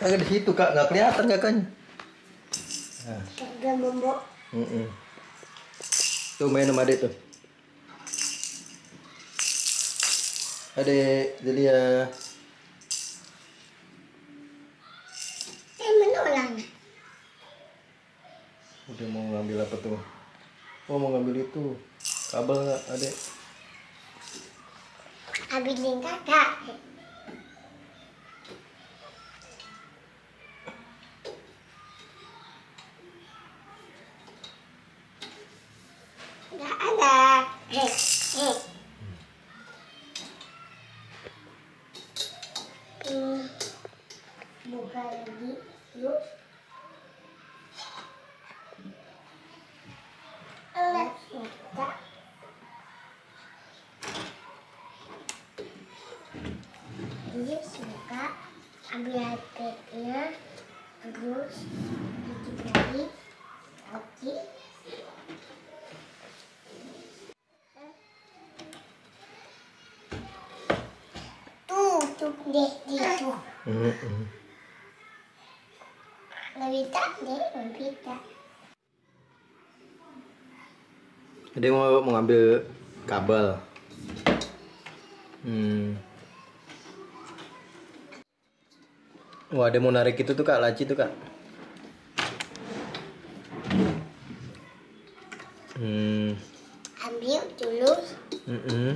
Kagak di situ kak, nggak kelihatan kakaknya. kan? Nah. Kagak membok. Mm -mm. Tuh main sama adik tuh. Ade, jadi ya. Saya eh, menolak. Udah mau ngambil apa tuh? Oh mau ngambil itu kabel nggak adek? Ambilin kakak. Nggak ada. Hei, iya, suka ambil hpnya terus dikit lagi deh gitu. Mm -mm. Levita Ada yang mau mengambil kabel. Hmm. Wah, ada mau narik itu tuh kak, laci tuh kak. Hmm. Ambil dulu. Mm -mm.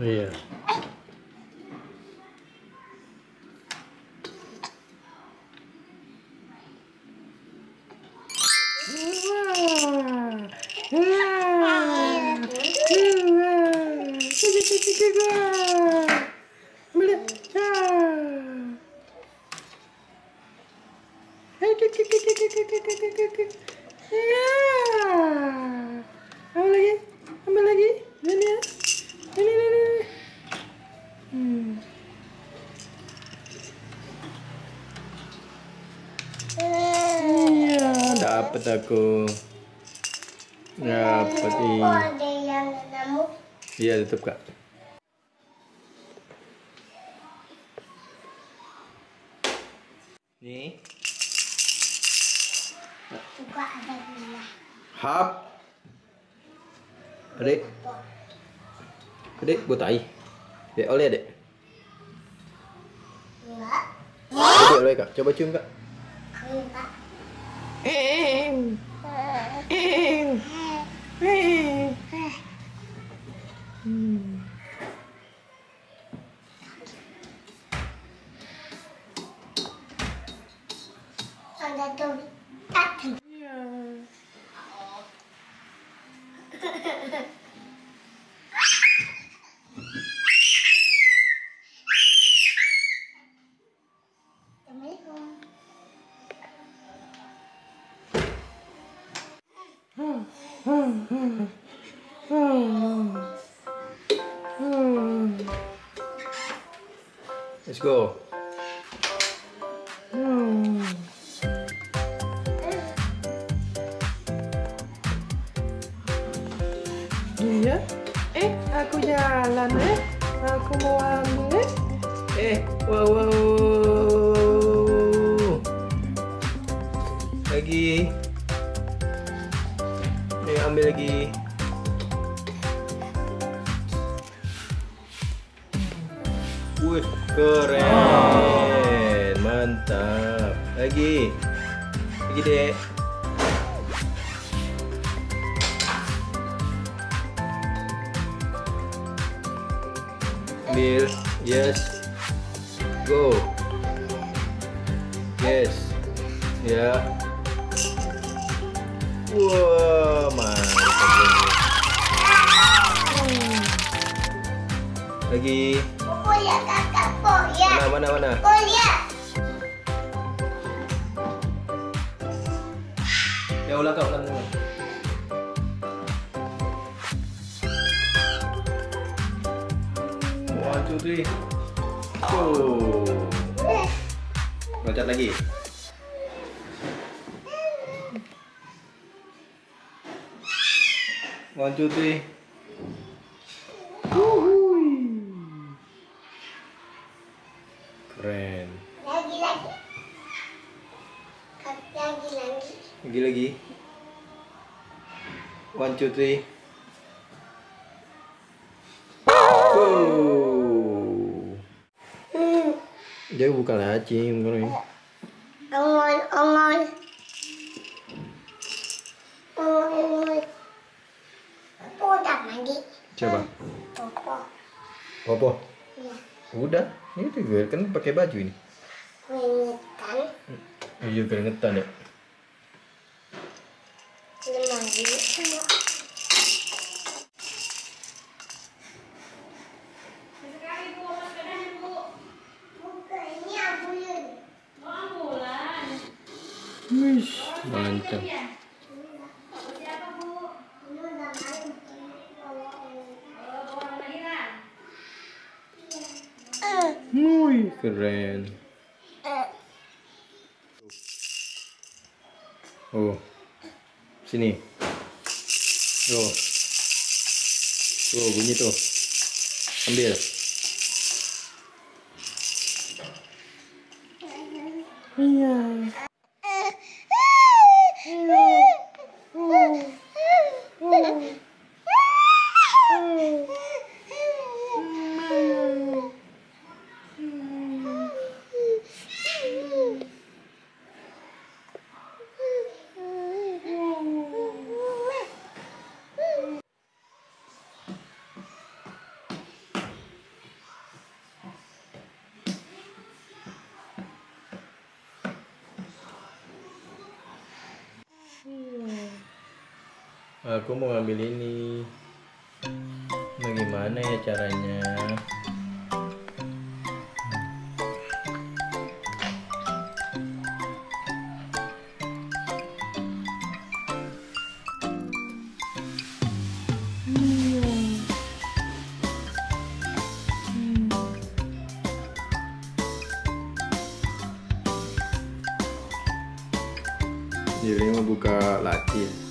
Iya. Yeah. Ya. Ambil lagi. Ambil lagi. Ini ya. Ini ini ini. Hmm. Iya, dapat aku. Dapat ini. Iya, tutup iya, Kak. Nih. Juga ada gula. Hap. Adik. Adik, botai. Dek, oleh dek. Enggak. Dek, oleh kak. Coba cium kak. Enggak. Eh. Eh. go. Mm. Niña, eh, acuya ah, eh, wow, wow. clear yes go yes ya yeah. wow mantap lagi mana mana mana ya ulang kak ulang ulang Putri. Tuh. Oh. Loncat lagi. One, two, three. Uhuy. Keren. Lagi lagi. Lagi lagi. Lagi lagi. One, two, three. bukan lacing ngono ya. Ongoy, ongoy. Ongoy. Udah mandi. Coba. Popo. Popo. Iya. Udah. Ini tuh kan pakai baju ini. Keringetan. Iya keringetan ya. Wih, mantap. Muy keren. Oh. Sini. Oh. Oh, bunyi tuh. Ambil. Iya. aku mau ambil ini bagaimana ya caranya Jadi mau buka laci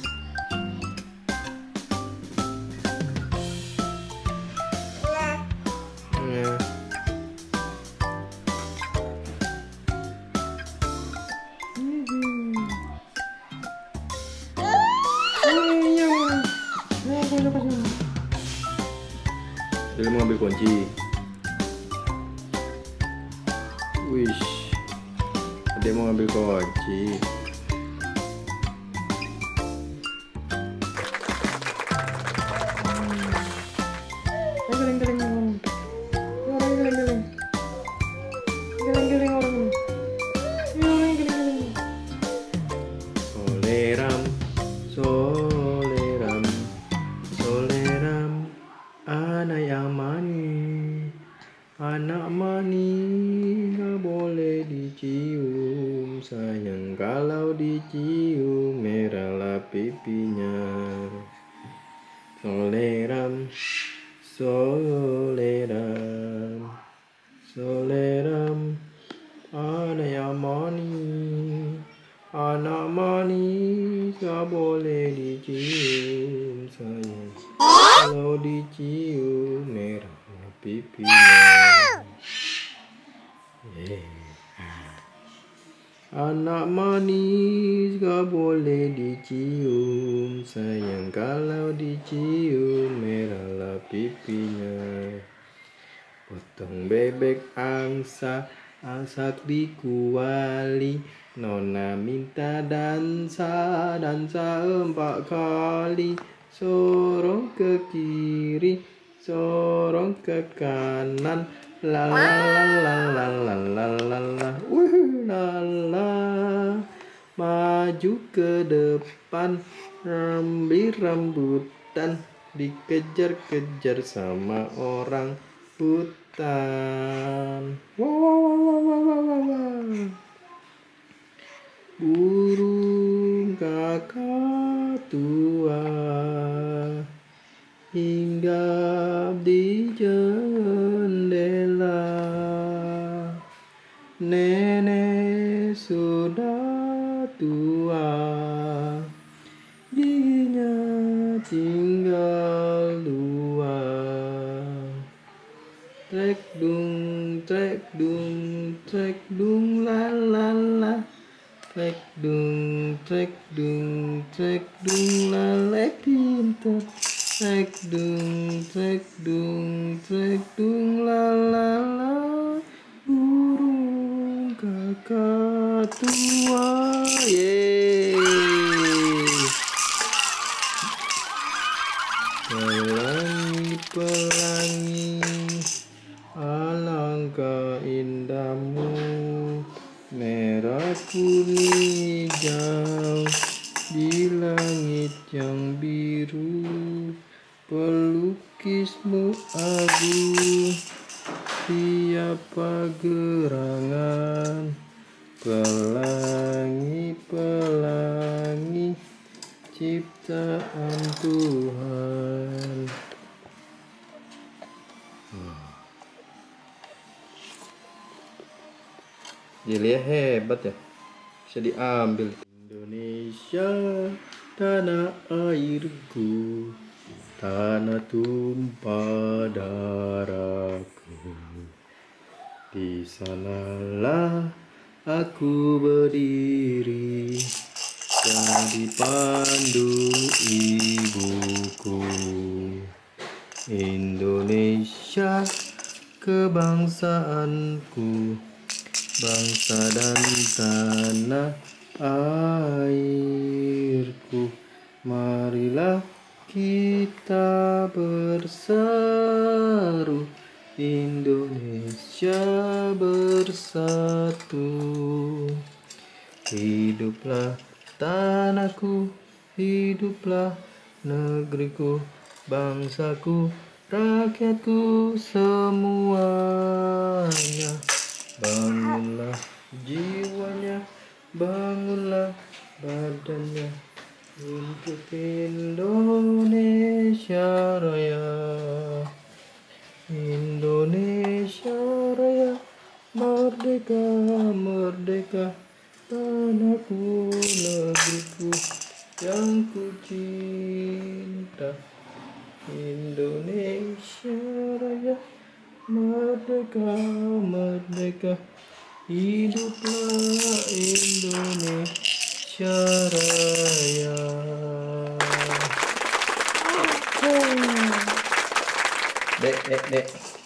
滚际。kalau dicium merahlah pipinya soleram soleram soleram ada yang manis anak manis boleh dicium sayang kalau dicium merah pipinya Anak manis gak boleh dicium Sayang kalau dicium merahlah pipinya Potong bebek angsa asak di kuali Nona minta dansa dansa empat kali Sorong ke kiri sorong ke kanan la la la la la la la la la la maju ke depan rambi rambutan dikejar-kejar sama orang hutan wow. trek dung trek dung trek dung la la la trek dung trek dung trek dung la la bergerangan pelangi-pelangi ciptaan Tuhan hmm. ya hebat ya bisa diambil Indonesia tanah airku tanah tumpah darahku di sanalah aku berdiri jadi pandu ibuku Indonesia kebangsaanku bangsa dan tanah airku marilah kita berseru Indonesia Hiduplah tanahku, hiduplah negeriku, bangsaku, rakyatku semua. Indonesia Raya Merdeka Merdeka Hiduplah Indonesia Raya Oke okay. Dek, dek, dek